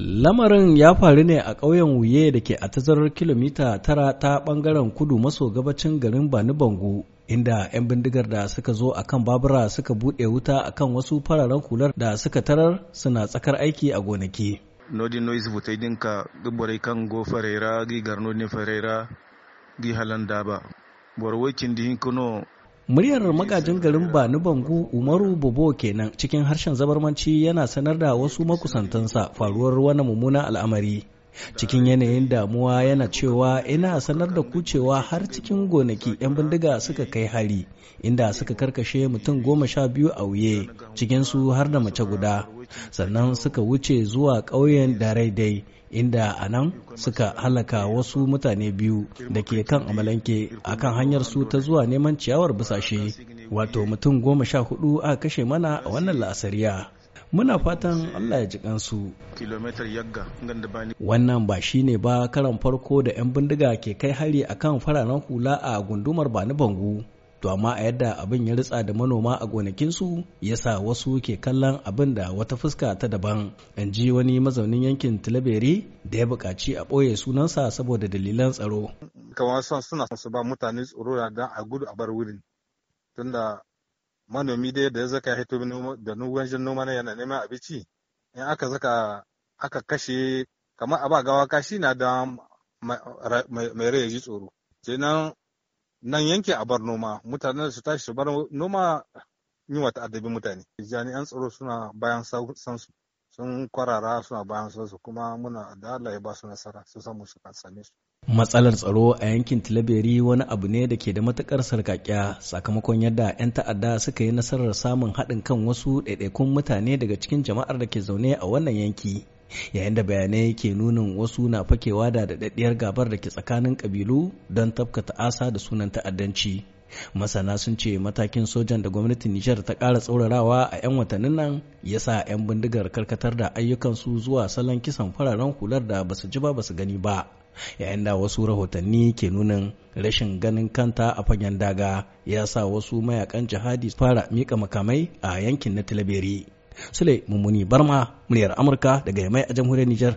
Lamarin ya faru ne a ƙauyen Wuye da ke a tazarar kilomita tara ta ɓangaren kudu maso gabacin garin Bani Bango, inda 'yan bindigar da suka zo a kan babura suka buɗe wuta a kan wasu fararen hular da suka tarar suna tsakar aiki a gonaki. Nodi noise dinka gubbarai kan go farera gi garno ne farera gi halanda ba. dihin kuno muryar magajin garin bani bangu umaru bobo kenan cikin harshen zabarmanci yana sanar da wasu makusantansa faruwar wani mummunan al'amari cikin yanayin damuwa yana cewa ina sanar da kucewa har cikin gonaki 'yan bindiga suka kai hari inda suka karkashe mutum goma sha biyu a wuye cikinsu har da mace guda sannan suka wuce zuwa ƙauyen daraidai inda a nan suka halaka wasu mutane biyu da ke kan amalanke a kan hanyar su ta zuwa neman ciyawar busashe wato mutum goma sha hudu a kashe mana a wannan la'asariya muna fatan Allah ya ji kansu yagga wannan ba shine ba karan farko da 'yan bindiga ke kai hari a kan fararen hula a gundumar bani bangu to amma a yadda abin ya ritsa da manoma a gonakinsu ya sa wasu ke kallon abin da wata fuska ta daban in ji wani mazaunin yankin tilaberi da ya buƙaci a ɓoye sunansa saboda dalilan tsaro kamar suna su ba mutane tsoro da a gudu a bar wurin tunda manomi dai da ya zaka hito da wajen noma na yana neman abinci in aka zaka aka kashe kamar a ba gawa kashi na da mai rai ji tsoro kenan nan yanke a bar noma mutanen su tashi su bar noma yi wata adabin mutane jami'an tsaro suna bayan sansu sun kwarara suna bayan su kuma muna da Allah ya ba su nasara su samu su same su. Matsalar tsaro a yankin Tilaberi wani abu ne da ke da matukar sarkakiya sakamakon yadda 'yan ta'adda suka yi nasarar samun haɗin kan wasu ɗaiɗaikun mutane daga cikin jama'ar da ke zaune a wannan yanki. Yayin da bayanai ke nunin wasu na fakewa da daɗaɗɗiyar gabar da ke tsakanin ƙabilu don tafka ta'asa da sunan ta'addanci. masana sun ce matakin sojan da gwamnatin nijar ta ƙara tsaurarawa a 'yan watannin nan ya sa 'yan bindigar karkatar da ayyukansu zuwa salon kisan fararen hular da basu ji ba basu gani ba yayin da wasu rahotanni ke nunin rashin ganin kanta a fagen daga ya sa wasu mayakan jihadi fara mika makamai a yankin na tilaberi sule mummuni barma muryar amurka daga mai a jamhuriyar nijar